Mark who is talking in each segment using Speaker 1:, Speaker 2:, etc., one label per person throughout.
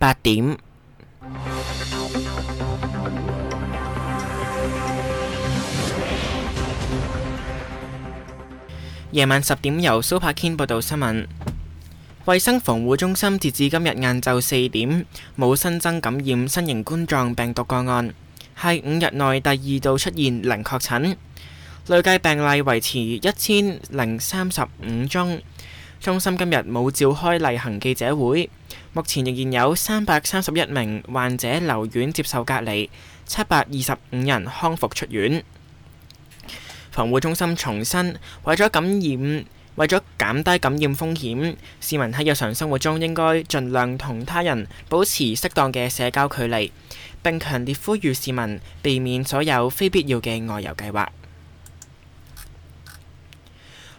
Speaker 1: 八點。夜晚十點由蘇柏堅報道新聞。衞生防護中心截至今日晏晝四點，冇新增感染新型冠狀病毒個案，係五日內第二度出現零確診，累計病例維持一千零三十五宗。中心今日冇召開例行記者會。目前仍然有三百三十一名患者留院接受隔離，七百二十五人康復出院。防護中心重申，為咗感染，為咗減低感染風險，市民喺日常生活中應該盡量同他人保持適當嘅社交距離，並強烈呼籲市民避免所有非必要嘅外遊計劃。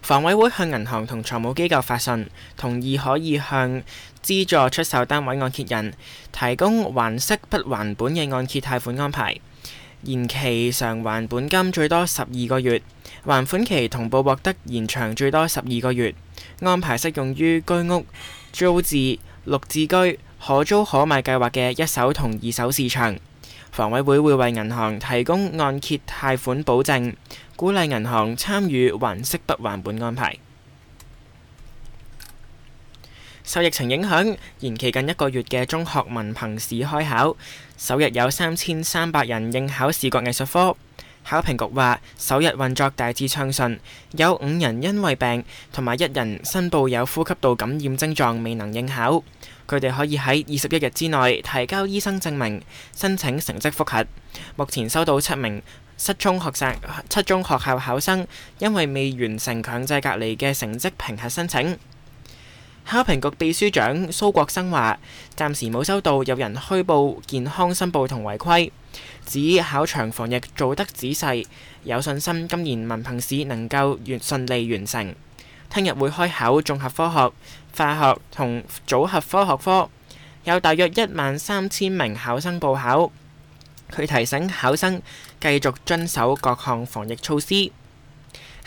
Speaker 1: 房委會向銀行同財務機構發信，同意可以向。資助出售單位按揭人提供還息不還本嘅按揭貸款安排，延期償還本金最多十二個月，還款期同步獲得延長最多十二個月。安排適用於居屋、租置、綠置居可租可賣計劃嘅一手同二手市場。房委會會為銀行提供按揭貸款保證，鼓勵銀行參與還息不還本安排。受疫情影響，延期近一個月嘅中學文憑試開考首日有三千三百人應考視覺藝術科。考評局話首日運作大致暢順，有五人因為病同埋一人申報有呼吸道感染症狀未能應考。佢哋可以喺二十一日之內提交醫生證明申請成績複核。目前收到七名失聰學生、七中學校考生因為未完成強制隔離嘅成績評核申請。考評局秘書長蘇國生話，暫時冇收到有人虛報健康申報同違規，指考場防疫做得仔細，有信心今年文憑試能夠完順利完成。聽日會開考綜合科學、化學同組合科學科，有大約一萬三千名考生報考。佢提醒考生繼續遵守各項防疫措施。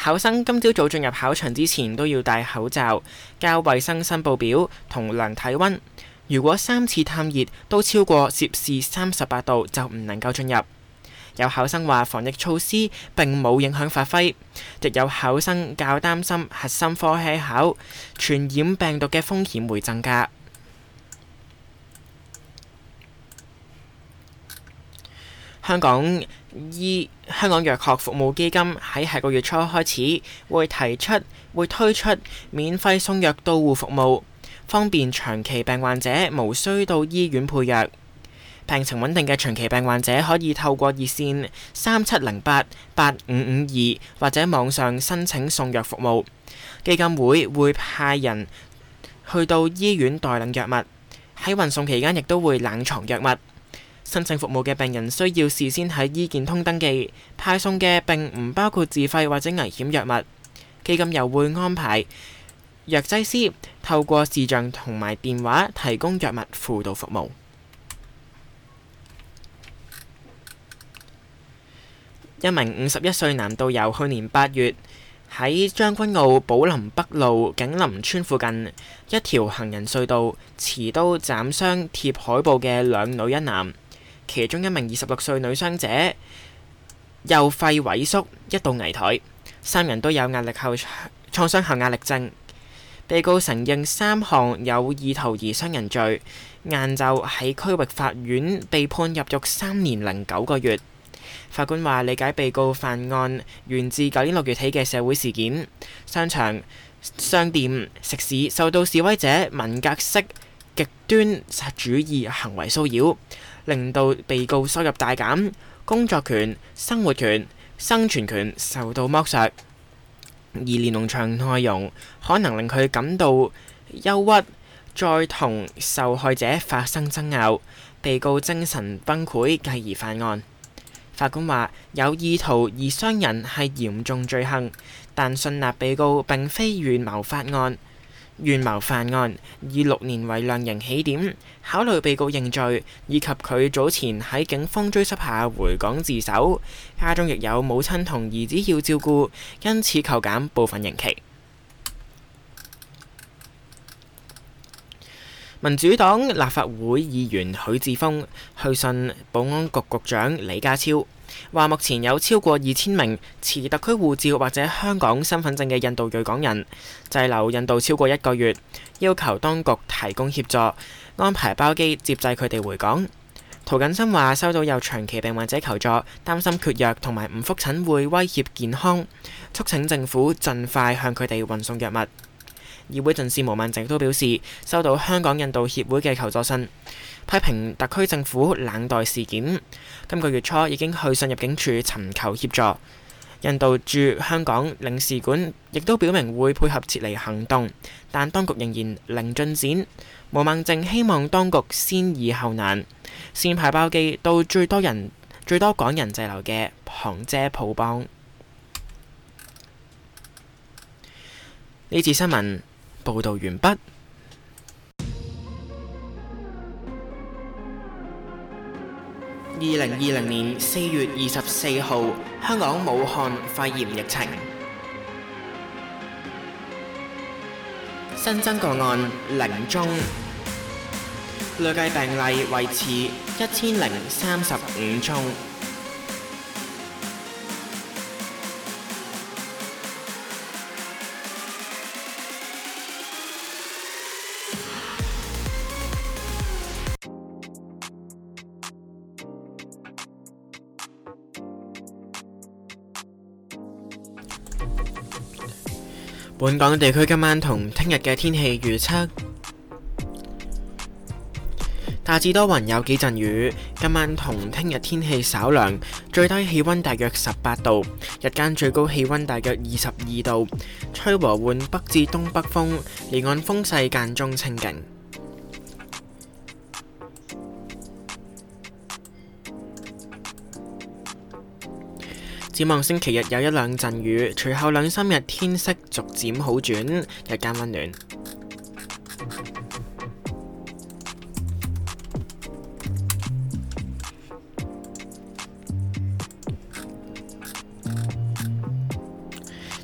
Speaker 1: 考生今朝早進入考場之前都要戴口罩、交衛生申報表同量體温。如果三次探熱都超過攝氏三十八度，就唔能夠進入。有考生話防疫措施並冇影響發揮，亦有考生較擔心核心科科考傳染病毒嘅風險會增加。香港。依香港藥學服務基金喺下個月初開始會提出會推出免費送藥到戶服務，方便長期病患者無需到醫院配藥。病情穩定嘅長期病患者可以透過熱線三七零八八五五二或者網上申請送藥服務。基金會會派人去到醫院代領藥物，喺運送期間亦都會冷藏藥物。申請服務嘅病人需要事先喺醫健通登記派送嘅，並唔包括自費或者危險藥物基金，又會安排藥劑師透過視像同埋電話提供藥物輔導服務。一名五十一歲男導遊去年八月喺將軍澳寶林北路景林村附近一條行人隧道持刀斬傷貼海報嘅兩女一男。其中一名二十六歲女傷者右肺萎縮，一度危殆。三人都有壓力後創傷後壓力症。被告承認三項有意圖而傷人罪，晏晝喺區域法院被判入獄三年零九個月。法官話：理解被告犯案源自舊年六月起嘅社會事件，商場、商店、食肆受到示威者文革式極端主義行為騷擾。令到被告收入大減，工作權、生活權、生存權受到剝削，而連龍場內容可能令佢感到憂鬱，再同受害者發生爭拗，被告精神崩潰，繼而犯案。法官話，有意圖而傷人係嚴重罪行，但信納被告並非預謀犯案。預謀犯案，以六年為量刑起點，考慮被告認罪以及佢早前喺警方追緝下回港自首，家中亦有母親同兒子要照顧，因此扣減部分刑期。民主黨立法會議員許智峰去信保安局局長李家超。話目前有超過二千名持特區護照或者香港身份證嘅印度裔港人滯留印度超過一個月，要求當局提供協助安排包機接載佢哋回港。涂謹申話收到有長期病患者求助，擔心缺藥同埋唔復診會威脅健康，促請政府盡快向佢哋運送藥物。議會盡事毛孟靜都表示收到香港印度協會嘅求助信。批評特區政府冷待事件，今個月初已經去信入境處尋求協助。印度駐香港領事館亦都表明會配合撤離行動，但當局仍然零進展。毛孟靜希望當局先易後難，先派包機到最多人最多港人滯留嘅旁遮普邦。呢次新聞報導完畢。二零二零年四月二十四號，香港武漢肺炎疫情新增個案零宗，累計病例維持一千零三十五宗。本港地區今晚同聽日嘅天氣預測：大致多雲，有幾陣雨。今晚同聽日天氣稍涼，最低氣溫大約十八度，日間最高氣溫大約二十二度，吹和緩北至東北風，離岸風勢間中清勁。展望星期日有一兩陣雨，隨後兩三日天色逐漸好轉，日間溫暖。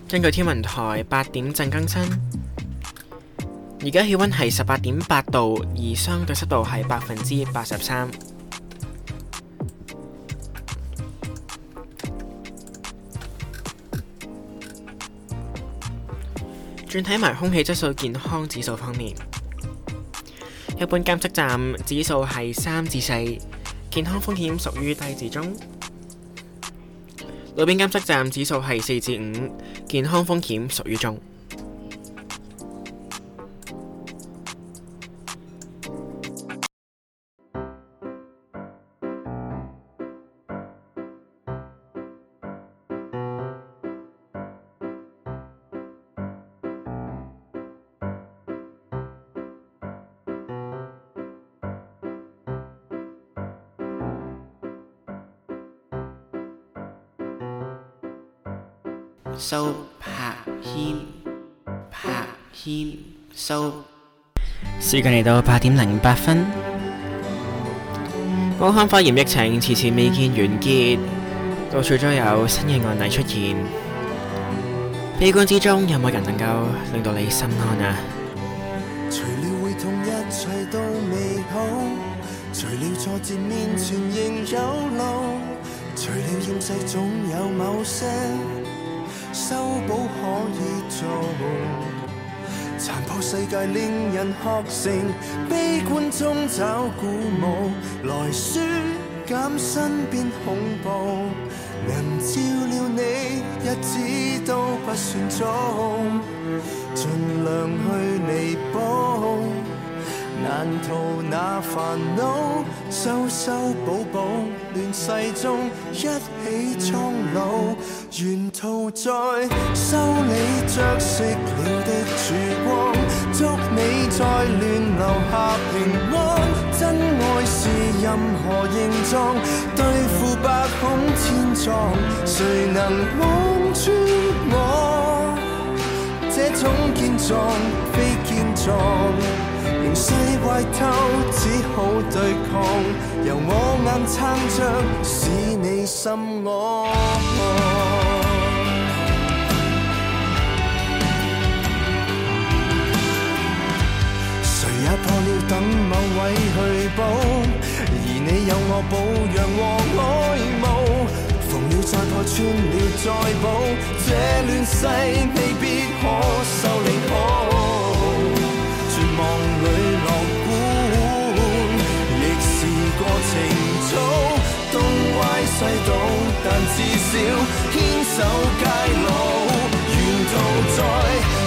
Speaker 1: 根據天文台八點正更新，而家氣溫係十八點八度，而相對濕度係百分之八十三。轉睇埋空氣質素健康指數方面，一般監測站指數係三至四，健康風險屬於低至中；路邊監測站指數係四至五，健康風險屬於中。時間嚟到八點零八分，武漢肺炎疫情遲遲未見完結，到處都有新嘅案例出現。悲觀之中，有冇人能夠
Speaker 2: 令到你心安啊？世界令人學成，悲觀中找鼓舞，來舒減身邊恐怖。能照料你，日子都不算早。盡量去彌補，難逃那煩惱，修修補補，亂世中一起蒼老。沿途再修理着色了的。再亂留下平安，真愛是任何形狀，對付百孔千瘡，誰能望穿我這種健壯？非健壯，形勢壞透，只好對抗，由我硬撐着，使你心安。等某位去補，而你有我保養和愛慕，縫了再破，穿了再補，這亂世未必可修理好。絕望裏樂觀，亦是個情操，東歪西倒，但至少牽手偕老，沿途在。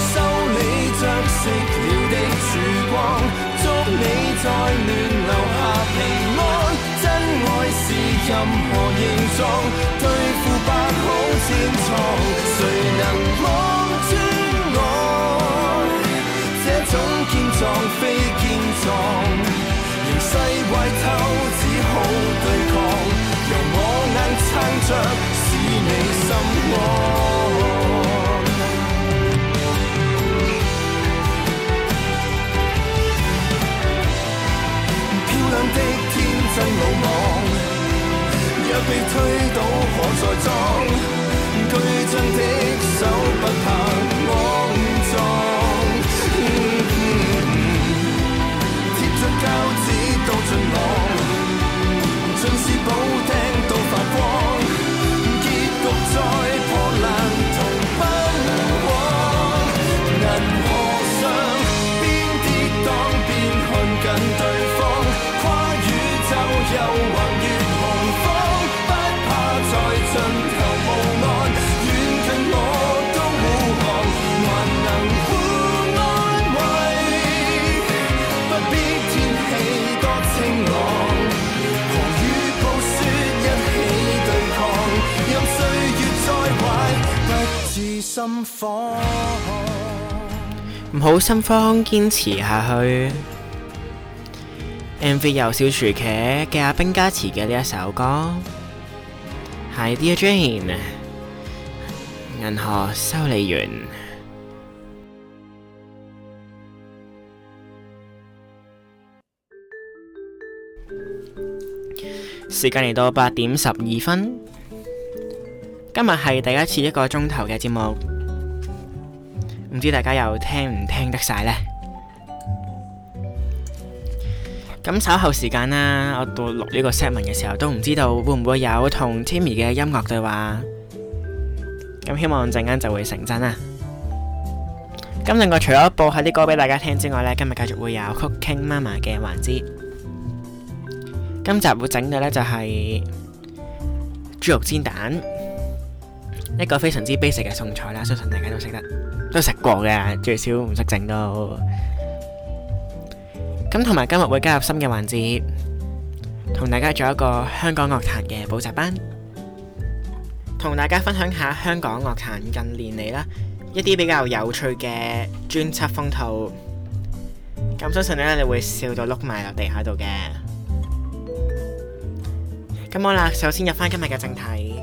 Speaker 2: 將熄了的燭光，祝你在暖流下平安。真愛是任何形狀，對付百孔千瘡，誰能望穿我？這種堅壯非堅壯，形勢壞透只好對抗，由我硬撐着，使你心安。真魯莽，若被推倒可再裝，巨匠的手不怕骯髒，貼着膠紙到盡浪。嗯
Speaker 1: 心方堅持下去。MV 由小廚茄嘅阿冰加詞嘅呢一首歌係 Dear Jane，銀河修理員。時間嚟到八點十二分，今日係第一次一個鐘頭嘅節目。唔知大家又聽唔聽得晒呢？咁稍後時間啦，我到錄呢個 set 文嘅時候，都唔知道會唔會有同 Timmy 嘅音樂對話。咁希望陣間就會成真啦！咁另外，除咗播下啲歌俾大家聽之外呢，今日繼續會有 Cooking Mama 嘅環節。今集會整嘅呢就係豬肉煎蛋，一個非常之 basic 嘅餸菜啦，相信大家都識得。都食過嘅，最少唔識整到。咁同埋今日會加入新嘅環節，同大家做一個香港樂壇嘅補習班，同大家分享下香港樂壇近年嚟啦一啲比較有趣嘅專輯封套。咁相信咧，你會笑到碌埋落地下度嘅。咁好啦，首先入翻今日嘅正題。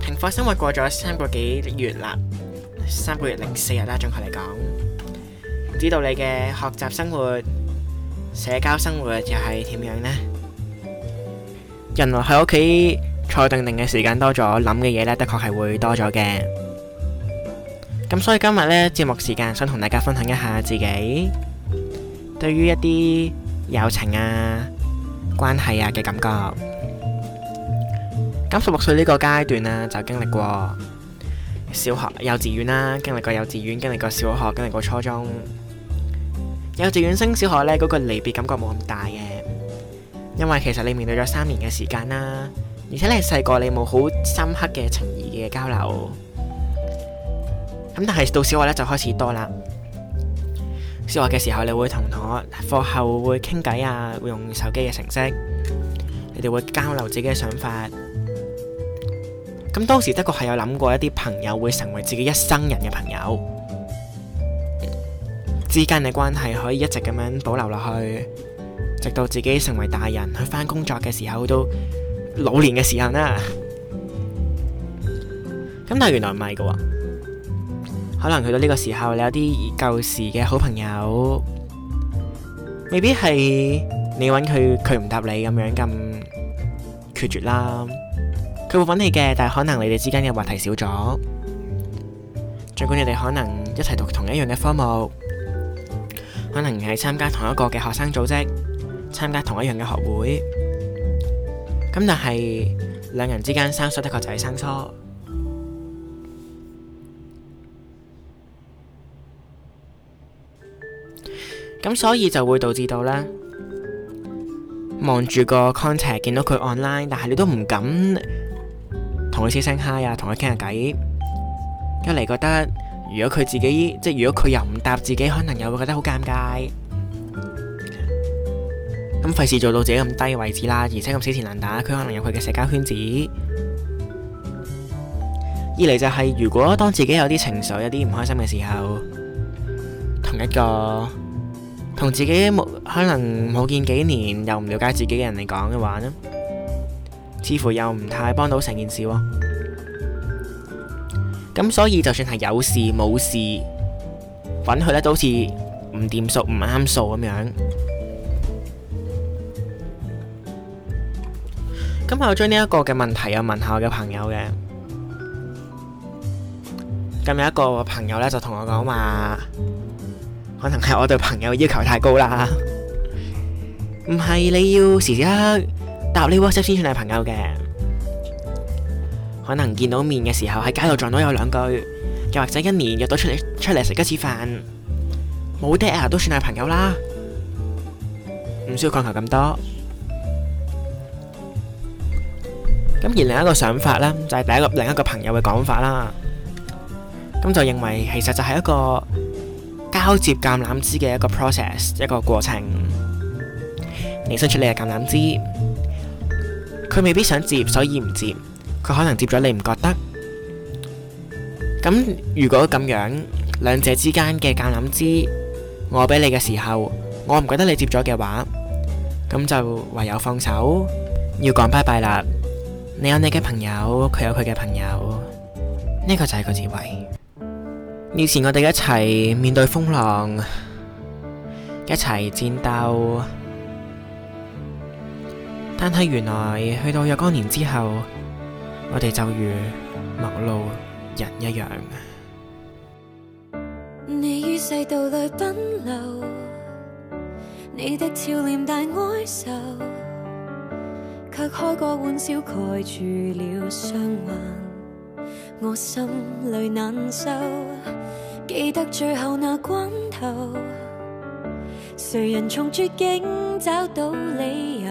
Speaker 1: 停課生活過咗三個幾月啦。三個月零四日啦，準確嚟講，唔知道你嘅學習生活、社交生活又係點樣呢？原來喺屋企坐定定嘅時間多咗，諗嘅嘢，呢的確係會多咗嘅。咁所以今日呢節目時間，想同大家分享一下自己對於一啲友情啊、關係啊嘅感覺。咁十六歲呢個階段啊，就經歷過。小學、幼稚園啦，經歷過幼稚園，經歷過小學，經歷過初中。幼稚園升小學呢，嗰個離別感覺冇咁大嘅，因為其實你面對咗三年嘅時間啦，而且你細個你冇好深刻嘅情誼嘅交流。咁但係到小學呢，就開始多啦。小學嘅時候，你會同同學課後會傾偈啊，會用手機嘅程式，你哋會交流自己嘅想法。咁當時的確係有諗過一啲朋友會成為自己一生人嘅朋友，之間嘅關係可以一直咁樣保留落去，直到自己成為大人去返工作嘅時候，都老年嘅時候啦。咁但係原來唔係㗎喎，可能去到呢個時候，你有啲舊時嘅好朋友，未必係你揾佢，佢唔答你咁樣咁決絕啦。佢會揾你嘅，但係可能你哋之間嘅話題少咗。儘管你哋可能一齊讀同一樣嘅科目，可能係參加同一個嘅學生組織，參加同一樣嘅學會。咁但係兩人之間生疏，的確就係生疏。咁所以就會導致到咧，望住個 contact，見到佢 online，但係你都唔敢。同佢笑聲 hi 啊，同佢傾下偈。一嚟覺得如果佢自己，即係如果佢又唔答自己，可能又會覺得好尷尬。咁費事做到自己咁低位置啦，而且咁死纏爛打，佢可能有佢嘅社交圈子。二嚟就係、是、如果當自己有啲情緒、有啲唔開心嘅時候，同一個同自己冇可能冇見幾年又唔了解自己嘅人嚟講嘅話呢。似乎又唔太幫到成件事喎，咁所以就算係有事冇事，揾佢咧都好似唔掂數、唔啱數咁樣。咁我將呢一個嘅問題又問下我嘅朋友嘅，咁有一個朋友咧就同我講話，可能係我對朋友要求太高啦，唔係你要時時。答你 WhatsApp 先算係朋友嘅，可能見到面嘅時候喺街度撞到有兩句，又或者一年約到出嚟出嚟食一次飯，冇爹啊都算係朋友啦，唔需要強求咁多。咁而另一個想法咧，就係第一個另一個朋友嘅講法啦，咁就認為其實就係一個交接橄欖枝嘅一個 process 一個過程，你伸出你嘅橄欖枝。佢未必想接，所以唔接。佢可能接咗，你唔覺得。咁如果咁樣，兩者之間嘅橄欖枝，我俾你嘅時候，我唔覺得你接咗嘅話，咁就唯有放手，要講拜拜啦。你有你嘅朋友，佢有佢嘅朋友，呢、這個就係個智慧。以前我哋一齊面對風浪，一齊戰鬥。但係原來去到若干年之後，我哋就如陌路人一樣。
Speaker 3: 你於世道裏奔流，你的俏臉帶哀愁，卻開個玩笑蓋住了傷患，我心裏難受。記得最後那關頭，誰人從絕境找到理由？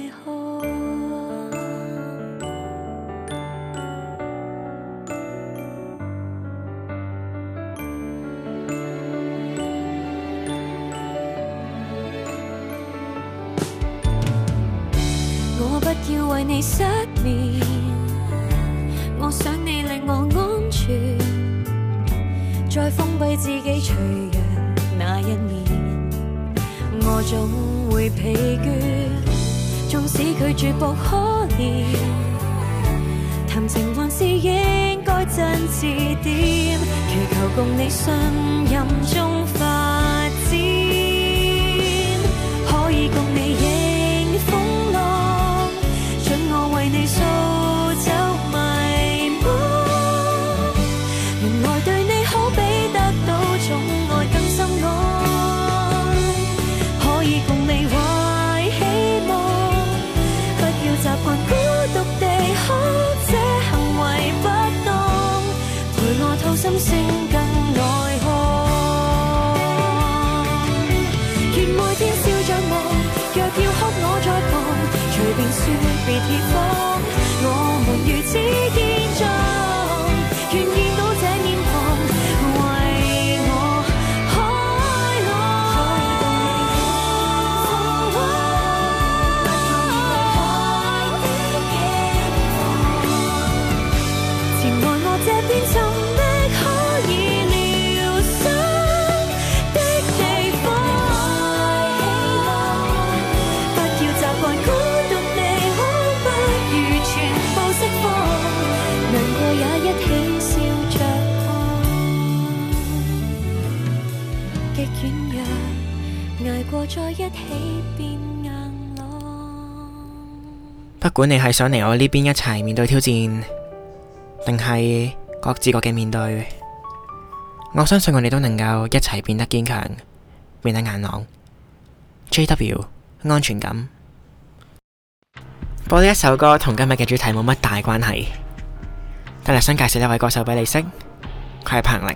Speaker 3: 失眠，我想你令我安全。再封閉自己脆弱那一面，我總會疲倦。縱使拒絕博可憐，談情還是應該真摯點，祈求共你信任中。別怯封，我們如
Speaker 4: 此依。
Speaker 1: 管你係想嚟我呢邊一齊面對挑戰，定係各自各嘅面對，我相信我哋都能夠一齊變得堅強，變得硬朗。JW 安全感。播呢一首歌同今日嘅主題冇乜大關係，但係想介紹一位歌手俾你識，佢係彭
Speaker 2: 羚。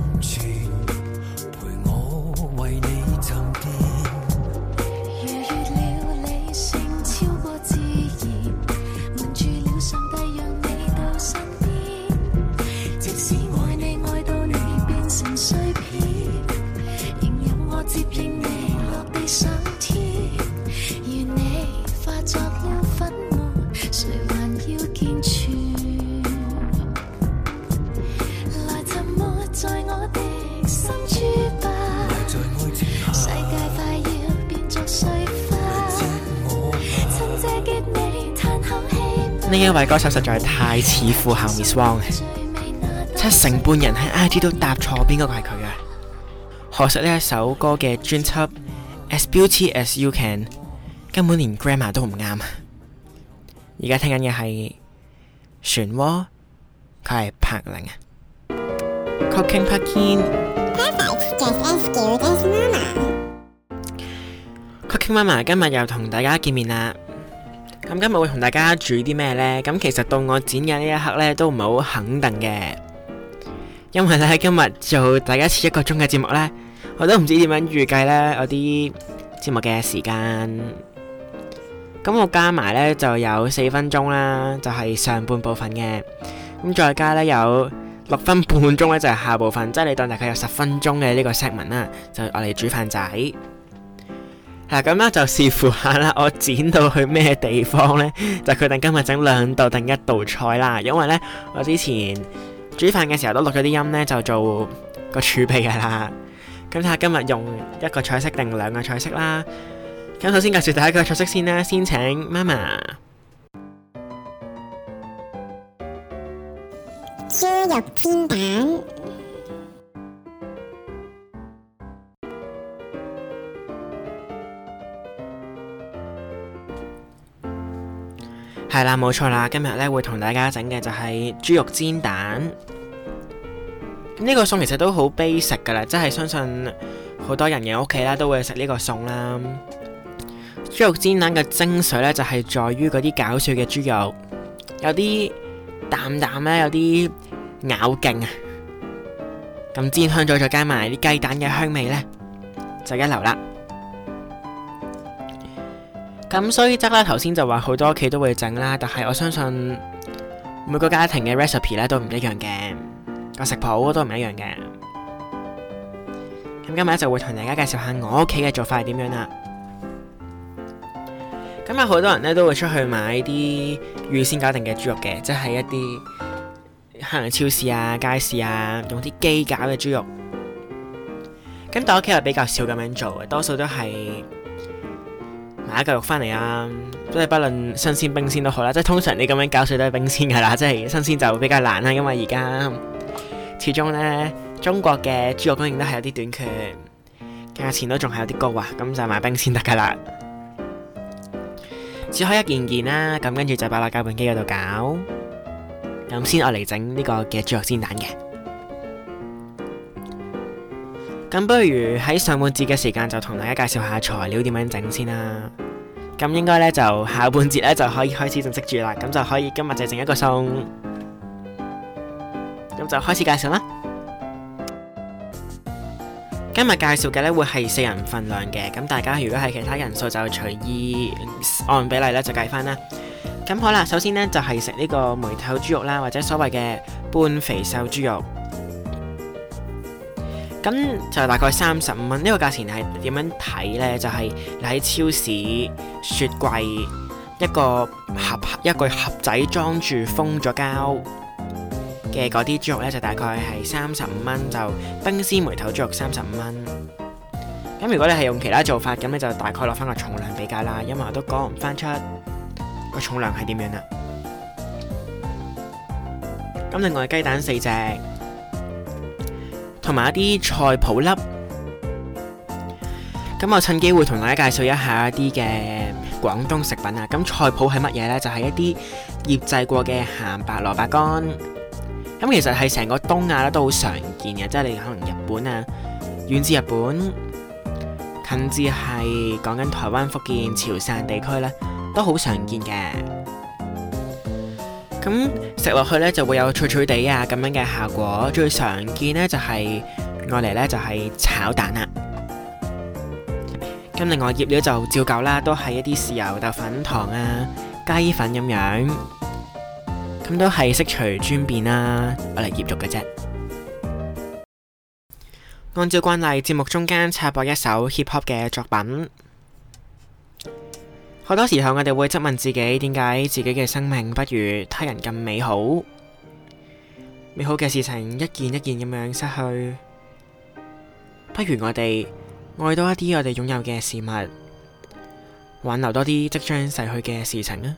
Speaker 1: 呢一位歌手實在係太似副後 Miss Wong 嘅，七成半人喺 I G 都答錯邊個個係佢嘅。可惜呢一首歌嘅專輯《As Beauty As You Can》根本連 Grammar 都唔啱。而家聽緊嘅係漩渦，佢係彭羚啊！Cooking Pumpkin。Cooking Mama，今日又同大家見面啦。咁今日會同大家煮啲咩呢？咁其實到我剪嘅呢一刻呢，都唔係好肯定嘅，因為咧今日做大家次一個綜嘅節目呢，我都唔知點樣預計呢，我啲節目嘅時間。咁我加埋呢就有四分鐘啦，就係、是、上半部分嘅，咁再加呢，有六分半鐘呢，就係下部分，即、就、係、是、你當大概有十分鐘嘅呢個 set 文啦，就我哋煮飯仔。嗱，咁呢就視乎下啦，我剪到去咩地方呢，就決定今日整兩道定一道菜啦。因為呢，我之前煮飯嘅時候都錄咗啲音呢，就做個儲備㗎啦。咁睇下今日用一個菜色定兩個菜色啦。咁首先介紹第一個菜色先啦，先請媽媽豬肉煎蛋。係啦，冇錯啦，今日呢，會同大家整嘅就係豬肉煎蛋。呢個餸其實都好悲食 s i c 噶啦，即係相信好多人嘅屋企啦都會食呢個餸啦。豬肉煎蛋嘅精髓呢，就係、是、在於嗰啲搞笑嘅豬肉有點淡淡的，有啲啖啖呢，有啲咬勁啊，咁煎香咗再加埋啲雞蛋嘅香味呢，就一流啦。咁所以則咧，頭先就話好多屋企都會整啦，但係我相信每個家庭嘅 recipe 咧都唔一樣嘅，個食譜都唔一樣嘅。咁今日咧就會同大家介紹下我屋企嘅做法係點樣啦。今日好多人咧都會出去買啲預先搞定嘅豬肉嘅，即係一啲可能超市啊、街市啊，用啲機搞嘅豬肉。咁但屋企又比較少咁樣做嘅，多數都係，買一嚿肉翻嚟啊，即係不論新鮮、冰鮮都好啦，即係通常你咁樣搞水都係冰鮮噶啦，即係新鮮就比較難啦，因為而家始終呢，中國嘅豬肉供應都係有啲短缺，價錢都仲係有啲高啊，咁就買冰鮮得噶啦。切開一件件啦，咁跟住就擺落攪拌機嗰度搞，咁先我嚟整呢個嘅豬肉煎蛋嘅。咁不如喺上半節嘅時間就同大家介紹下材料點樣整先啦。咁應該呢，就下半節呢就可以開始正式煮啦。咁就可以今日就整一個餸。咁就開始介紹啦，今介紹。今日介紹嘅呢會係四人份量嘅。咁大家如果係其他人數就隨意按比例咧就計翻啦。咁好啦，首先呢就係食呢個梅頭豬肉啦，或者所謂嘅半肥瘦豬肉。咁就大概三十五蚊呢個價錢係點樣睇呢？就係你喺超市雪櫃一個盒一個盒仔裝住封咗膠嘅嗰啲豬肉呢就大概係三十五蚊。就冰鮮梅頭豬肉三十五蚊。咁如果你係用其他做法，咁你就大概落翻個重量比較啦，因為我都講唔翻出個重量係點樣啦。咁另外雞蛋四隻。同埋一啲菜脯粒，咁我趁機會同大家介紹一下一啲嘅廣東食品啊。咁菜脯係乜嘢呢？就係一啲醃製過嘅鹹白蘿蔔乾。咁其實係成個東亞咧都好常見嘅，即係你可能日本啊，遠至日本，近至係講緊台灣、福建、潮汕地區呢，都好常見嘅。咁食落去呢，就會有脆脆地啊咁樣嘅效果，最常見呢，就係愛嚟呢，就係、是、炒蛋啦，啊。咁另外醃料就照舊啦，都係一啲豉油、豆粉、糖啊、雞粉咁樣，咁都係悉隨尊便啦，我嚟醃肉嘅啫。按照慣例，節目中間插播一首 hip hop 嘅作品。好多時候我哋會質問自己，點解自己嘅生命不如他人咁美好？美好嘅事情一件一件咁樣失去，不如我哋愛多一啲我哋擁有嘅事物，挽留多啲即將逝去嘅事情啊！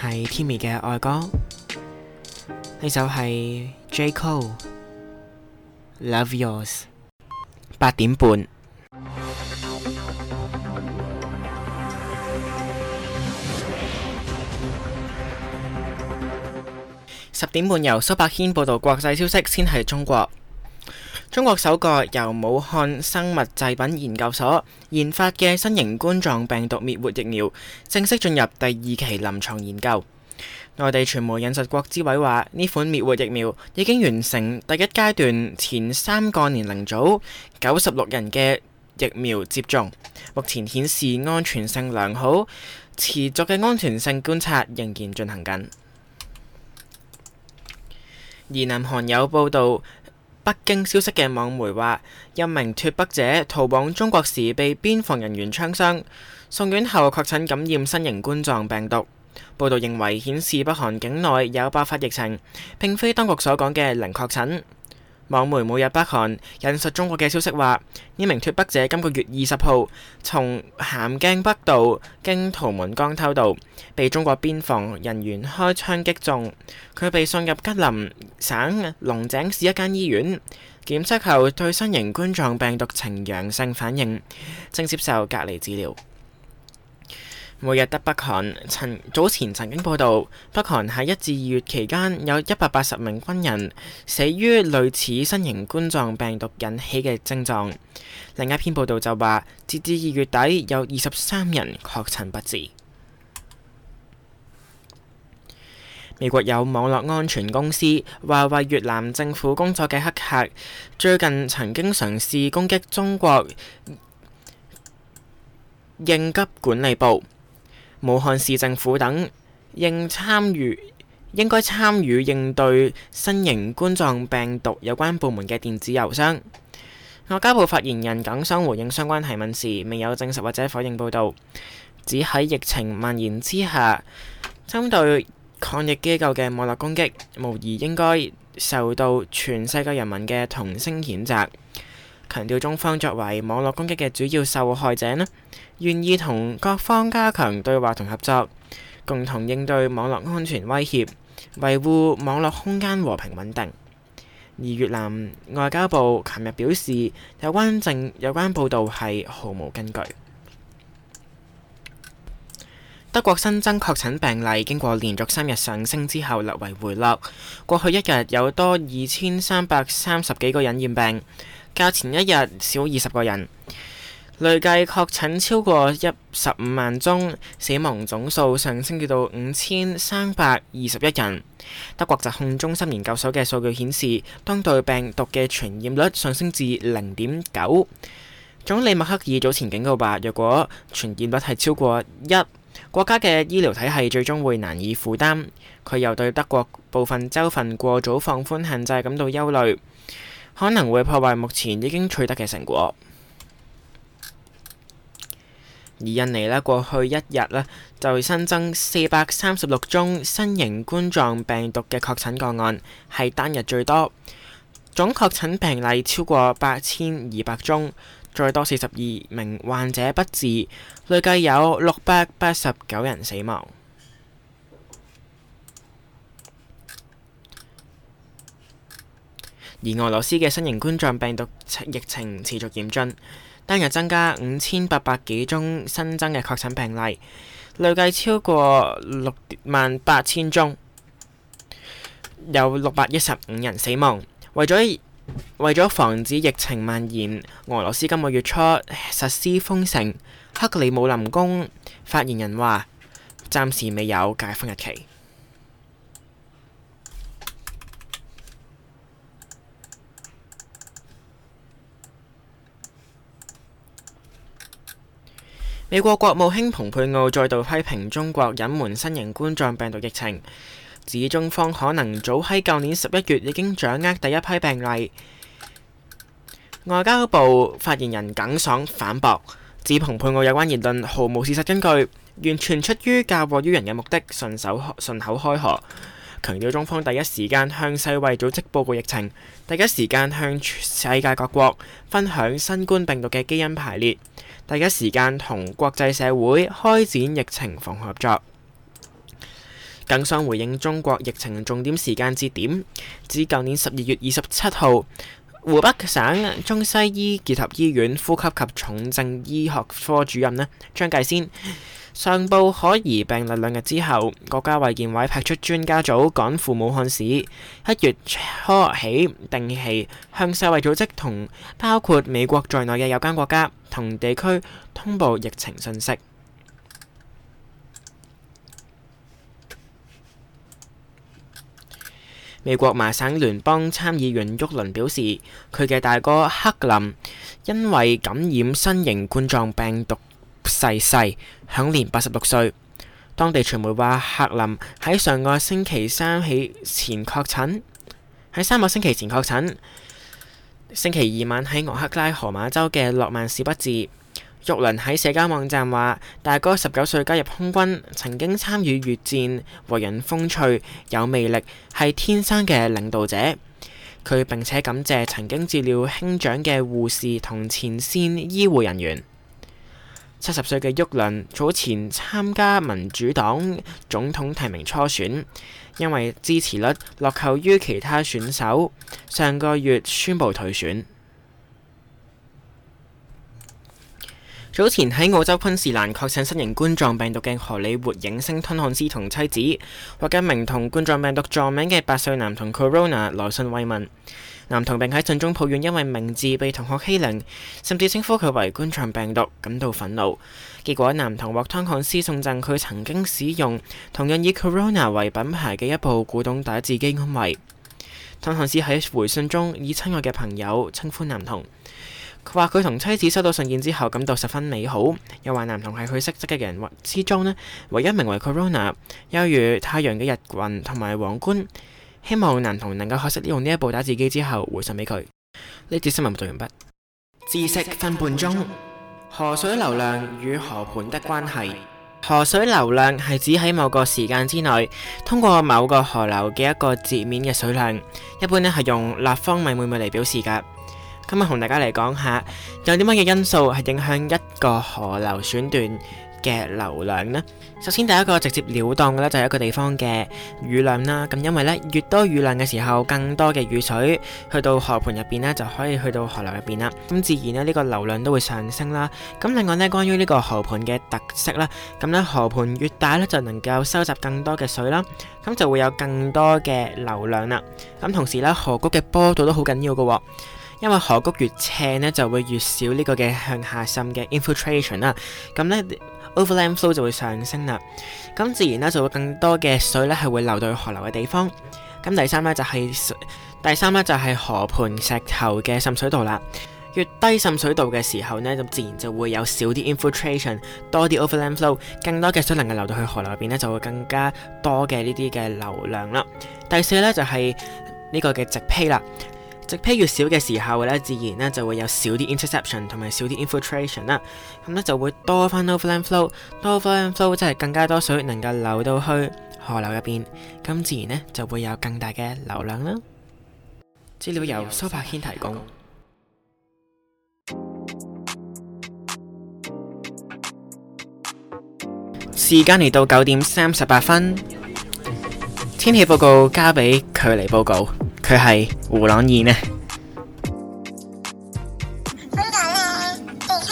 Speaker 1: 係 Timi 嘅愛歌，呢首係 J. Cole Love Yourz。八點半，十點半由蘇柏軒報道國際消息，先係中國。中國首個由武漢生物製品研究所研發嘅新型冠狀病毒滅活疫苗正式進入第二期臨床研究。內地傳媒引述國之委話：呢款滅活疫苗已經完成第一階段前三個年齡組九十六人嘅疫苗接種，目前顯示安全性良好，持續嘅安全性觀察仍然進行緊。而南韓有報道。北京消息嘅網媒話，一名脱北者逃往中國時被邊防人員槍傷，送院後確診感染新型冠狀病毒。報導認為顯示北韓境內有爆發疫情，並非當局所講嘅零確診。網媒每日北韓引述中國嘅消息話，呢名脱北者今個月二十號從咸鏡北道經圖們江偷渡，被中國邊防人員開槍擊中。佢被送入吉林省龍井市一間醫院，檢測後對新型冠狀病毒呈陽性反應，正接受隔離治療。每日德北韓曾早前曾經報道，北韓喺一至二月期間有一百八十名軍人死於類似新型冠狀病毒引起嘅症狀。另一篇報道就話，截至二月底有二十三人確診不治。美國有網絡安全公司話，為越南政府工作嘅黑客最近曾經嘗試攻擊中國應急管理部。武漢市政府等應參與應該參與應對新型冠狀病毒有關部門嘅電子郵箱。外交部發言人耿爽回應相關提問時，未有證實或者否認報道，只喺疫情蔓延之下，針對抗疫機構嘅網絡攻擊，無疑應該受到全世界人民嘅同聲譴責。強調中方作為網絡攻擊嘅主要受害者呢，願意同各方加強對話同合作，共同應對網絡安全威脅，維護網絡空間和平穩定。而越南外交部琴日表示，有關證有關報導係毫無根據。德國新增確診病例經過連續三日上升之後，略為回落。過去一日有多二千三百三十幾個人染病，較前一日少二十個人。累計確診超過一十五萬宗，死亡總數上升至到五千三百二十一人。德國疾控中心研究所嘅數據顯示，當代病毒嘅傳染率上升至零點九。總理默克爾早前警告話，若果傳染率係超過一，國家嘅醫療體系最終會難以負擔。佢又對德國部分州份過早放寬限制感到憂慮，可能會破壞目前已經取得嘅成果。而印尼呢，過去一日呢，就新增四百三十六宗新型冠狀病毒嘅確診個案，係單日最多，總確診病例超過八千二百宗，再多四十二名患者不治，累計有六百八十九人死亡。而俄羅斯嘅新型冠狀病毒疫情持續嚴峻。單日增加五千八百幾宗新增嘅確診病例，累計超過六萬八千宗，有六百一十五人死亡。為咗為咗防止疫情蔓延，俄羅斯今個月初實施封城。克里姆林宮發言人話，暫時未有解封日期。美國國務卿蓬佩奧再度批評中國隱瞞新型冠狀病毒疫情，指中方可能早喺舊年十一月已經掌握第一批病例。外交部發言人耿爽反駁，指蓬佩奧有關言論毫無事實根據，完全出於嫁禍於人嘅目的，順手順口開河。強調中方第一時間向世衛組織報告疫情，第一時間向全世界各國分享新冠病毒嘅基因排列。第一時間同國際社會開展疫情防控合作，更想回應中國疫情重點時間節點，至舊年十二月二十七號，湖北省中西醫結合醫院呼吸及重症醫學科主任呢張繼先，上報可疑病例兩日之後，國家衛健委派出專家組趕赴武漢市。一月初起，定期向世衛組織同包括美國在內嘅有關國家同地區通報疫情信息。美國麻省聯邦參議員沃倫表示，佢嘅大哥克林因為感染新型冠狀病毒。逝世，世，享年八十六歲。當地傳媒話，克林喺上個星期三起前確診，喺三個星期前確診。星期二晚喺俄克拉荷馬州嘅諾曼市不治。玉麟喺社交網站話：大哥十九歲加入空軍，曾經參與越戰，為人風趣有魅力，係天生嘅領導者。佢並且感謝曾經照料兄長嘅護士同前線醫護人員。七十歲嘅沃倫早前參加民主黨總統提名初選，因為支持率落後於其他選手，上個月宣布退選。早前喺澳洲昆士蘭確診新型冠狀病毒嘅荷里活影星湯漢斯同妻子，獲緊名同冠狀病毒撞名嘅八歲男童 Corona 來信慰問。男童並喺信中抱怨因為名字被同學欺凌，甚至稱呼佢為冠狀病毒，感到憤怒。結果男童獲湯漢斯送贈佢曾經使用同樣以 Corona 為品牌嘅一部古董打字機安慰。湯漢斯喺回信中以親愛嘅朋友稱呼男童，佢話佢同妻子收到信件之後感到十分美好，又話男童係佢識得嘅人，之中呢唯一名為 Corona，猶如太陽嘅日暈同埋皇冠。希望男童能夠學識用呢一部打字機之後回信俾佢。呢節新聞報道完畢。知識分半鐘。河水流量與河盤的關係。河水流量係指喺某個時間之內通過某個河流嘅一個截面嘅水量，一般咧係用立方米每秒嚟表示㗎。今日同大家嚟講下有啲乜嘢因素係影響一個河流選段，嘅流量呢，首先第一個直接了當嘅呢，就係一個地方嘅雨量啦，咁因為呢，越多雨量嘅時候，更多嘅雨水去到河盤入邊呢，就可以去到河流入邊啦，咁自然呢，呢個流量都會上升啦。咁另外呢，關於呢個河盤嘅特色啦，咁呢河盤越大呢，就能夠收集更多嘅水啦，咁就會有更多嘅流量啦。咁同時呢，河谷嘅坡度都好緊要喎。因為河谷越斜咧，就會越少呢個嘅向下滲嘅 infiltration 啦，咁呢 overland flow 就會上升啦，咁自然呢，就會更多嘅水呢係會流到去河流嘅地方。咁第三呢，就係第三呢就係河盤石頭嘅滲水道啦，越低滲水道嘅時候呢，咁自然就會有少啲 infiltration，多啲 overland flow，更多嘅水能夠流到去河流入邊呢，就會更加多嘅呢啲嘅流量啦。第四呢，就係呢個嘅植被啦。直批越少嘅時候咧，自然咧就會有少啲 interception 同埋少啲 infiltration 啦。咁咧就會多翻 overland flow，多 overland flow 即係更加多水能夠流到去河流入邊，咁自然咧就會有更大嘅流量啦。資料由蘇柏軒提供。時間嚟到九點三十八分，天氣報告交俾距離報告。佢係湖南二呢？點講咧？
Speaker 2: 地區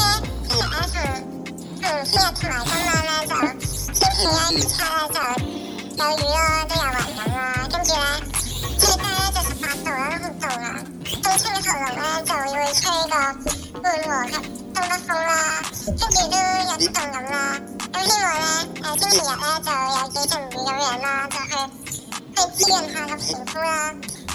Speaker 2: 聽日咧同聽日同埋今晚咧就天氣咧唔出咧就有雨咯，都有雲咁啦。跟住咧，最低咧就十八度啦，仲冷。冬天嘅喉嚨咧就會吹個半和嘅東北風啦，跟住都有啲凍咁啦。咁天氣咧喺星期日咧就有幾陣雨咁樣啦，就去去滋潤下個皮膚啦。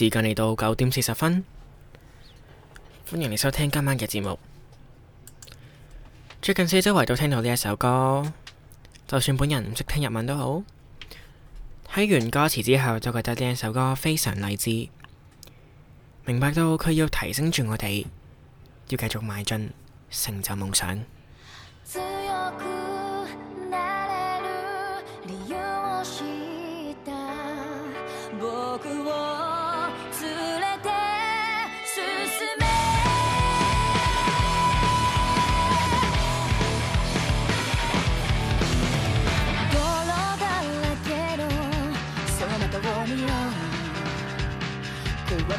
Speaker 1: 時間嚟到九點四十分，歡迎嚟收聽今晚嘅節目。最近四周圍都聽到呢一首歌，就算本人唔識聽日文都好。睇完歌詞之後就覺得呢一首歌非常勵志，明白到佢要提升住我哋，要繼續邁進，成就夢想。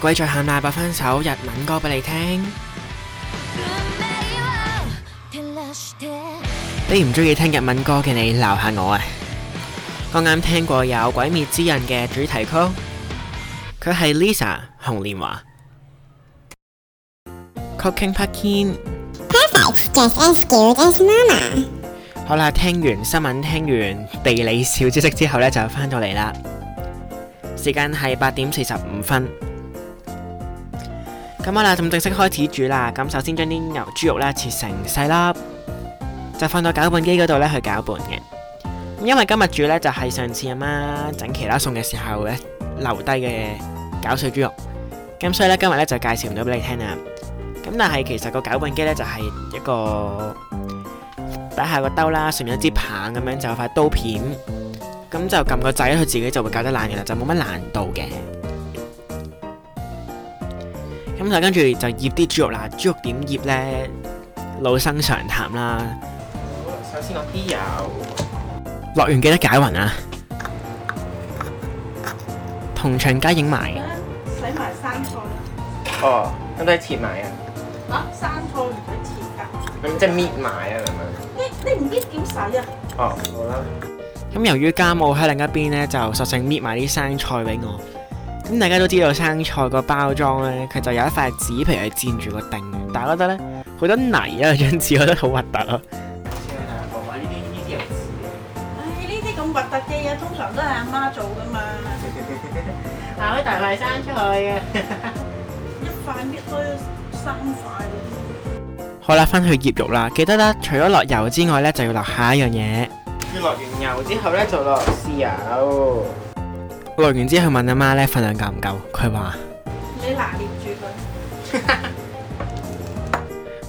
Speaker 1: 鬼再喊喇，播返首日文歌俾你聽。你唔中意聽日文歌嘅你，鬧下我啊！我啱聽過有《鬼滅之刃》嘅主題曲，佢係 LiSA 紅蓮華。Cooking pumpkin。Perfect，just as cute as mama。好啦，聽完新聞，聽完地理小知識之後呢，就翻到嚟啦。時間係八點四十五分。咁啊啦，咁正式開始煮啦。咁首先將啲牛豬肉咧切成細粒，就放到攪拌機嗰度咧去攪拌嘅。咁因為今日煮咧就係上次阿媽整其他餸嘅時候咧留低嘅攪碎豬肉，咁所以咧今日咧就介紹唔到俾你聽啦。咁但係其實個攪拌機咧就係一個底下個兜啦，上面有支棒咁樣就有塊刀片，咁就撳個掣，佢自己就會搞得爛嘅啦，就冇乜難度嘅。咁就跟住就醃啲豬肉啦，豬肉點醃咧，老生常談啦。首先攞啲油，落完記得解勻啊。同場加映埋。洗埋生菜。哦，咁都係切埋啊。嚇、啊，生菜唔使切㗎，嗯。即係搣埋啊，係咪、欸？你你唔搣點洗啊？哦，好啦。咁由於家務喺另一邊咧，就索性搣埋啲生菜俾我。咁大家都知道生菜個包裝咧，佢就有一塊紙皮係墊住個頂，但係我覺得咧好多泥啊張紙，樣覺得好核突咯。哎，呢啲咁核突嘅嘢通常都係阿媽，媽做噶嘛，下啲 大塊生菜啊，一塊搣開三塊。好啦，翻去醃肉啦，記得啦，除咗落油之外咧，就要落下一樣嘢。先落完油之後咧，就落豉油。攰完之後去問阿媽呢，份量夠唔夠？佢話：你拿捏住佢。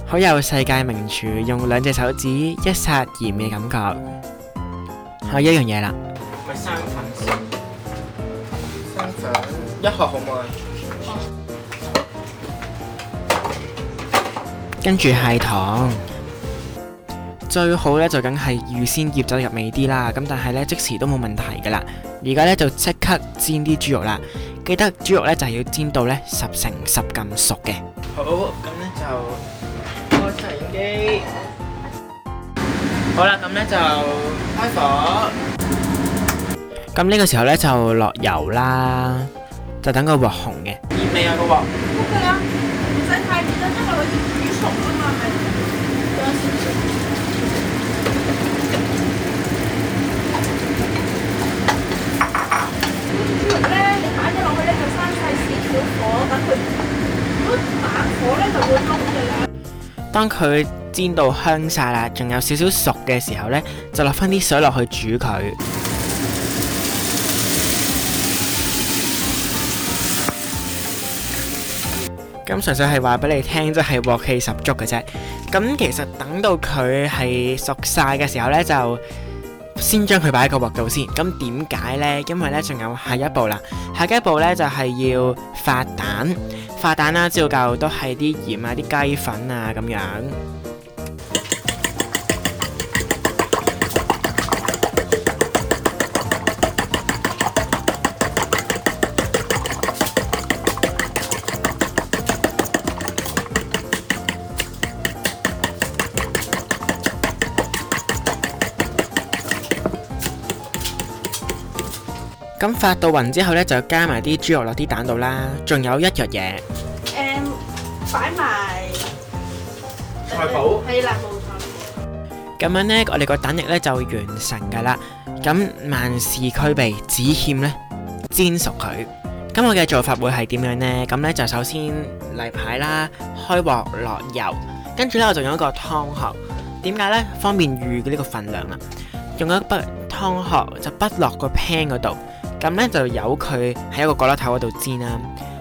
Speaker 1: 好有世界名廚用兩隻手指一撒鹽嘅感覺。下一樣嘢啦。咪三份先。三份，一盒好冇啊！跟住係糖。最好咧就梗係預先醃咗入味啲啦，咁但係咧即時都冇問題噶啦。而家咧就即刻煎啲豬肉啦，記得豬肉咧就係要煎到咧十成十咁熟嘅。好，咁咧就開油煙機。好啦，咁咧就開火。咁呢個時候咧就落油啦，就等佢鑊紅嘅。醃味啊個鑊，得噶啦，唔使太熱啦，因為佢要煮熟啊嘛，係。
Speaker 4: 小火
Speaker 5: 等佢，火咧，就會㶶嘅啦。
Speaker 1: 當佢煎到香晒啦，仲有少少熟嘅時候呢，就落翻啲水落去煮佢。咁純粹係話俾你聽，即係鑊氣十足嘅啫。咁其實等到佢係熟晒嘅時候呢，就。先將佢擺喺個鑊度先，咁點解呢？因為呢，仲有下一步啦，下一步呢，就係要發蛋，發蛋啦，啊，照舊都係啲鹽啊、啲雞粉啊咁樣。咁發到勻之後咧，就加埋啲豬肉落啲蛋度啦。仲有一樣嘢，誒擺埋菜脯，係啦冇錯。咁樣咧，我哋個蛋液咧就完成㗎啦。咁萬事俱備，只欠咧煎熟佢。咁我嘅做法會係點樣咧？咁咧就首先例牌啦，開鑊落油，跟住咧我仲有個湯殼，點解咧方便預呢個份量啊？用一個湯殼就不落個 pan 嗰度。咁咧就由佢喺一個角落頭嗰度煎啦、啊。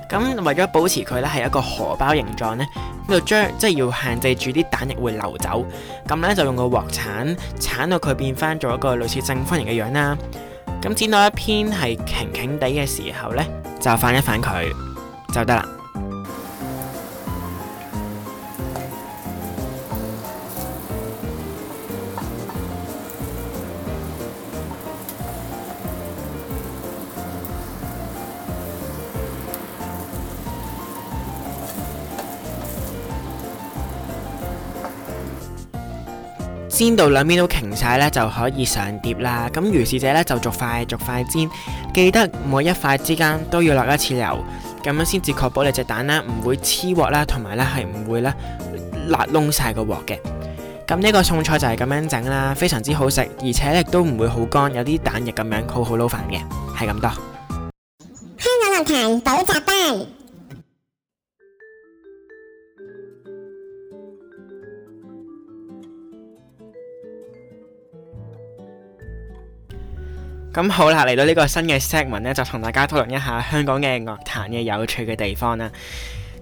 Speaker 1: 咁為咗保持佢咧係一個荷包形狀咧，咁就將即係要限制住啲蛋液會流走。咁咧就用個鑊鏟鏟到佢變翻做一個類似正方形嘅樣啦。咁煎到一邊係擎擎地嘅時候咧，就反一反佢就得啦。煎到兩邊都瓊晒，呢就可以上碟啦。咁如是者呢，就逐塊逐塊煎，記得每一塊之間都要落一次油，咁樣先至確保你隻蛋呢唔會黐鑊啦，同埋呢係唔會呢辣窿晒個鑊嘅。咁呢個餸菜就係咁樣整啦，非常之好食，而且亦都唔會好乾，有啲蛋液咁樣好好撈飯嘅，係咁多。
Speaker 5: 香港樂壇補習低。
Speaker 1: 咁好啦，嚟到呢個新嘅 segment 咧，就同大家討論一下香港嘅樂壇嘅有趣嘅地方啦。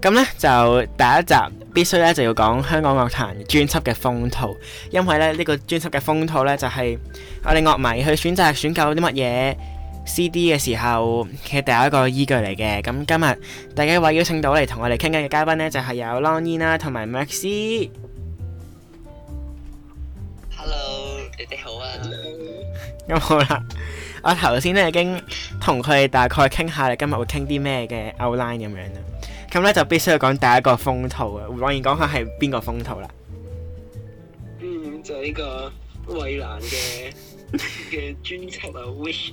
Speaker 1: 咁呢，就第一集必須咧就要講香港樂壇專輯嘅封套，因為咧呢、這個專輯嘅封套呢，就係、是、我哋樂迷去選擇選購啲乜嘢 CD 嘅時候嘅第一個依據嚟嘅。咁今日第一位邀請到嚟同我哋傾偈嘅嘉賓呢，就係、是、有 Long Ian 啦，同埋 Max。Hello，
Speaker 2: 你
Speaker 1: 哋好啊。咁 好啦。我頭先咧已經同佢哋大概傾下，你今日會傾啲咩嘅 outline 咁樣啦。咁咧就必須要講第一個封套。啊！我而講下係邊個封套啦？嗯，就呢、
Speaker 2: 係、個衞蘭嘅嘅 專
Speaker 1: 輯啊，Wish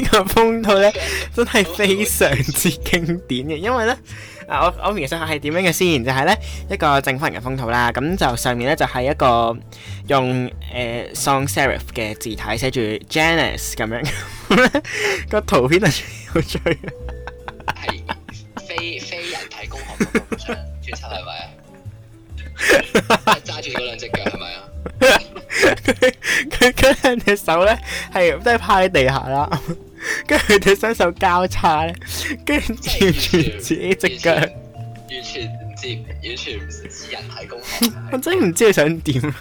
Speaker 1: 呢個封套咧真係非常之經典嘅，因為咧啊我我描述下係點樣嘅先，就係、是、咧一個正方形嘅封套啦，咁就上面咧就係一個用誒、呃、Song Serif 嘅字體寫住 Janice 咁樣，個圖片係好有趣，係非 非人體工學嘅工裝，穿插係
Speaker 2: 咪啊？揸住嗰兩隻腳係咪啊？是
Speaker 5: 佢佢嗰兩
Speaker 1: 隻手咧係都係趴喺地下啦，跟住佢對雙手交叉咧，跟住掂住自己隻腳，
Speaker 5: 完全唔知，完全唔似人體
Speaker 1: 工學。我真係唔知你想點啦。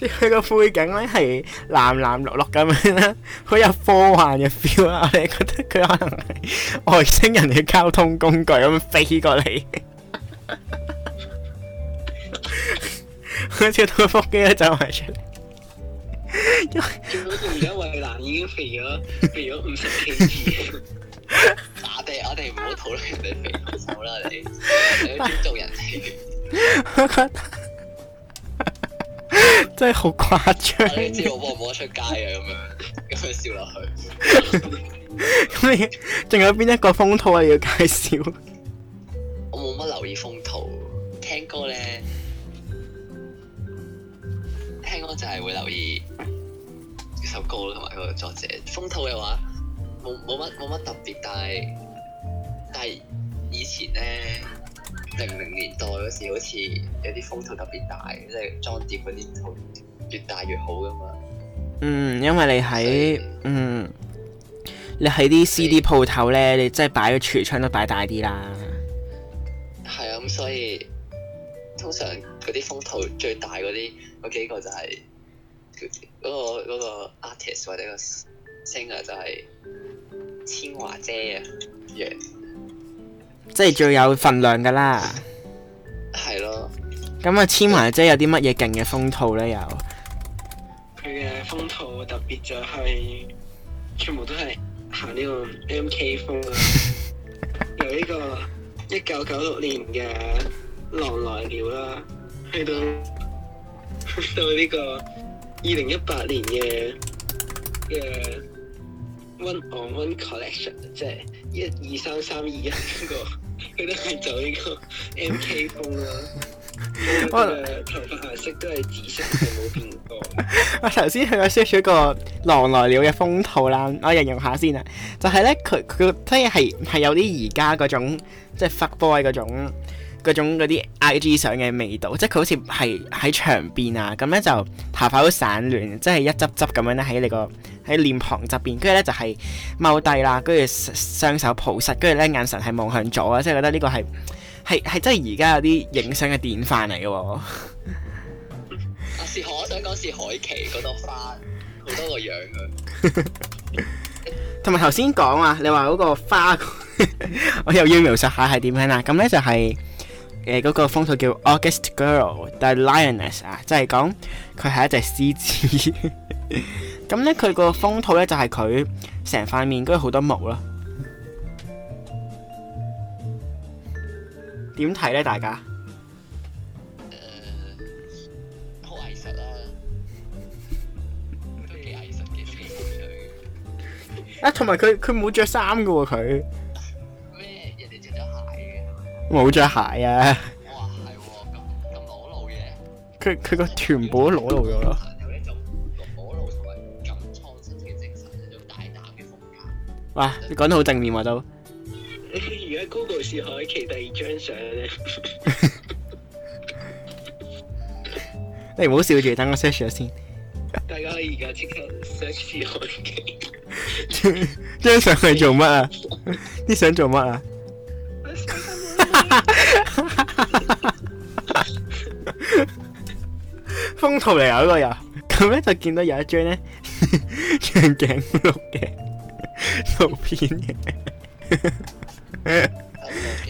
Speaker 1: 佢個背景咧係藍藍綠綠咁樣啦，好有科幻嘅 feel 啊！你覺得佢可能係外星人嘅交通工具咁飛過嚟，好似拖幅機都走埋出嚟。
Speaker 4: 因
Speaker 2: 為見到仲有衛蘭已經肥咗，肥咗五十 KG。我哋我哋唔好討論人哋肥唔瘦啦，你你點
Speaker 1: 做人哋？真係好誇張！你知我幫
Speaker 2: 唔幫出街啊？咁樣咁樣笑落去。
Speaker 1: 咁你仲有邊一個封套你要介紹？
Speaker 2: 我冇乜留意封套，聽歌咧。聽歌就係會留意呢首歌同埋嗰個作者。封套嘅話，冇冇乜冇乜特別，但係但係以前咧，零零年代嗰時好似
Speaker 1: 有啲封套特別大，即係裝碟嗰啲越越大越好噶嘛。嗯，因為你喺以嗯你喺啲 CD 鋪頭咧，你真係擺個櫥窗都擺大啲啦。
Speaker 2: 係啊，咁所以，所以通常。風頭最大嗰啲嗰幾個就係嗰個嗰個 artist 或者個 singer 就係千華姐啊，yeah，
Speaker 1: 即係最有份量噶啦，
Speaker 2: 係咯。
Speaker 1: 咁啊，千華姐有啲乜嘢勁嘅封套咧？又
Speaker 2: 佢嘅封套特別就係全部都係行呢個 MK 風，啊，由呢 個一九九六年嘅狼來了啦。喺度，到呢個二零一八年嘅嘅《One On One Collection》，即係一二三三二一嗰個，佢都係走呢個 MK 風
Speaker 1: 啦。佢嘅頭髮顏色都係紫色，你冇變過。 我頭先喺度 search 咗個狼來了嘅封套啦，我形容下先啊，就係咧佢佢真係係係有啲而家嗰種即係 fuck boy 嗰種。就是嗰種嗰啲 IG 相嘅味道，即係佢好似係喺牆邊啊，咁咧就頭髮好散亂，即係一執執咁樣咧喺你個喺臉旁側邊，跟住咧就係踎低啦，跟住雙手抱實，跟住咧眼神係望向左啊，即係覺得呢個係係係真係而家有啲影相嘅典範嚟嘅
Speaker 2: 喎。阿薛凱，我想講薛凱琪嗰朵花，好多個樣嘅。
Speaker 1: 同埋頭先講啊，你話嗰個花， 我又要描述下係點樣啦、啊，咁咧就係、是。誒嗰、呃嗰個封套叫 August Girl，但係 Lioness 啊，就係講佢係一隻獅子 呢。咁咧，佢、就是、個封套咧就係佢成塊面嗰好多毛啦。點睇咧，大家？誒，好藝術啦、啊，都幾藝術嘅美 啊，同埋佢佢冇着衫㗎喎佢。冇着鞋啊！哇，係喎，咁咁裸露嘅，佢佢個臀部都裸露咗咯。有一種裸露同埋創新嘅精神，一種大膽嘅風格。哇，你講得好正面喎都。
Speaker 2: 而家 Google 是海琪第二張相咧，
Speaker 1: 你唔好笑住，等我 search 下先。
Speaker 2: 大家可以而家即刻
Speaker 5: search
Speaker 1: 海琪。張相係做乜啊？呢相做乜啊？封圖嚟，有一個人。咁咧，就見到有一張咧長頸鹿嘅圖片嘅，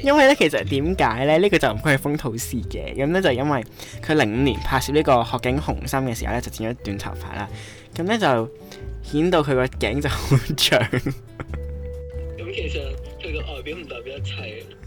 Speaker 1: 因為咧其實點解咧呢個就唔可以封圖試嘅？咁咧就因為佢零五年拍攝呢個《學警紅心》嘅時候咧就剪咗一段頭髮啦，咁咧就顯到佢個頸就好長。咁其實佢個
Speaker 2: 外表唔代表一切。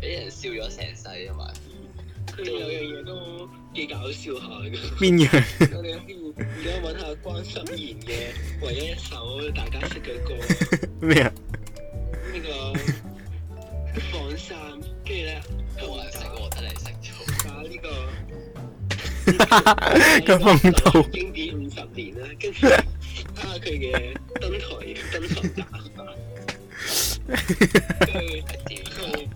Speaker 2: 俾人笑咗成世啊嘛！
Speaker 5: 佢哋有樣嘢都幾搞笑下嘅。邊樣？我哋可以而家揾下關心妍嘅唯一一首大家識嘅歌。咩啊？呢個《放生》。跟住咧，我話成個真係識咗。啊！呢個。咁恐怖。經典五十年啦，跟住睇下佢嘅登台登台架法。佢係點？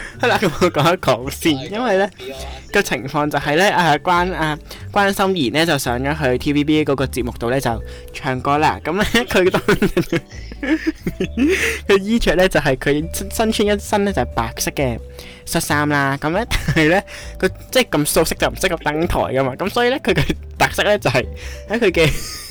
Speaker 1: 係啦，咁我講一講先，因為咧個情況就係咧，啊關啊關心妍咧就上咗去 TVB 嗰個節目度咧就唱歌啦，咁咧佢當佢衣著咧就係佢身穿一身咧就係白色嘅恤衫啦，咁咧但係咧佢即係咁素色就唔適合登台噶嘛，咁所以咧佢嘅特色咧就係喺佢嘅。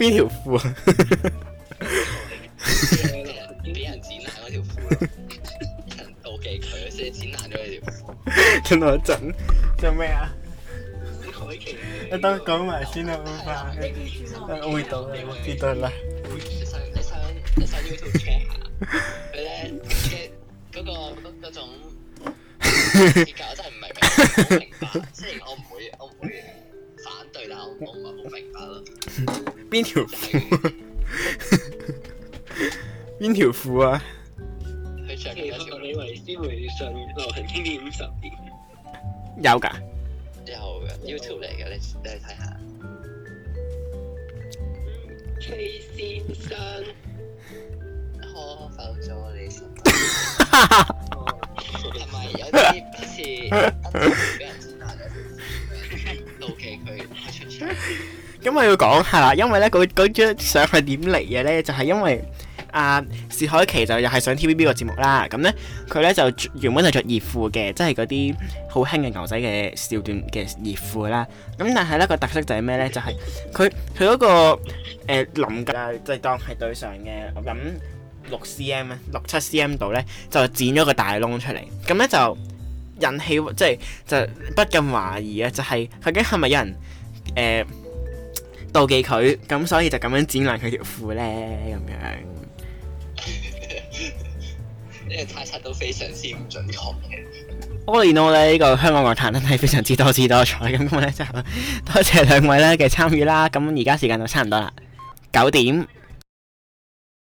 Speaker 5: 邊條褲啊？俾人剪爛嗰條褲咯，人
Speaker 2: 妒忌佢，所以剪爛咗
Speaker 1: 條褲。點解整？做咩啊？你當講埋先啦，唔
Speaker 2: 怕。我遇到你，我見到你。你想你想你想 YouTube check 下佢咧嘅嗰個嗰嗰種
Speaker 5: 結構，我真係唔明，唔明白。即係我唔會我唔
Speaker 1: 會反對，但係我我唔係好明白咯。邊條褲？邊條褲啊？佢上個月李
Speaker 2: 維斯微信落嚟經典五十年。
Speaker 1: 有噶？有噶
Speaker 2: ？YouTube 嚟嘅，你你睇
Speaker 1: 下。K 先生可否咗，你？哈哈！係咪有啲不時不時俾
Speaker 5: 人整下嘅？妒忌佢出場。
Speaker 1: 因為要講係啦，因為咧，嗰嗰張相係點嚟嘅咧，就係因為啊，薛凱琪就又係上 TVB 個節目啦。咁咧，佢咧就原本就著熱褲嘅，即係嗰啲好興嘅牛仔嘅小短嘅熱褲啦。咁但係咧個特色就係咩咧？就係佢佢嗰個誒林架，即係當係對上嘅咁六 cm 啊，六七 cm 度咧就剪咗個大窿出嚟。咁咧就引起即係就不禁懷疑啊，就係究竟係咪有人誒？妒忌佢，咁所以就咁樣剪爛佢條褲呢。咁樣，
Speaker 2: 呢個猜測都非常之唔準確
Speaker 1: 嘅。我哋呢個香港樂壇係非常之多姿多彩，咁我咧就多謝兩位咧嘅參與啦。咁而家時間就差唔多啦，九點。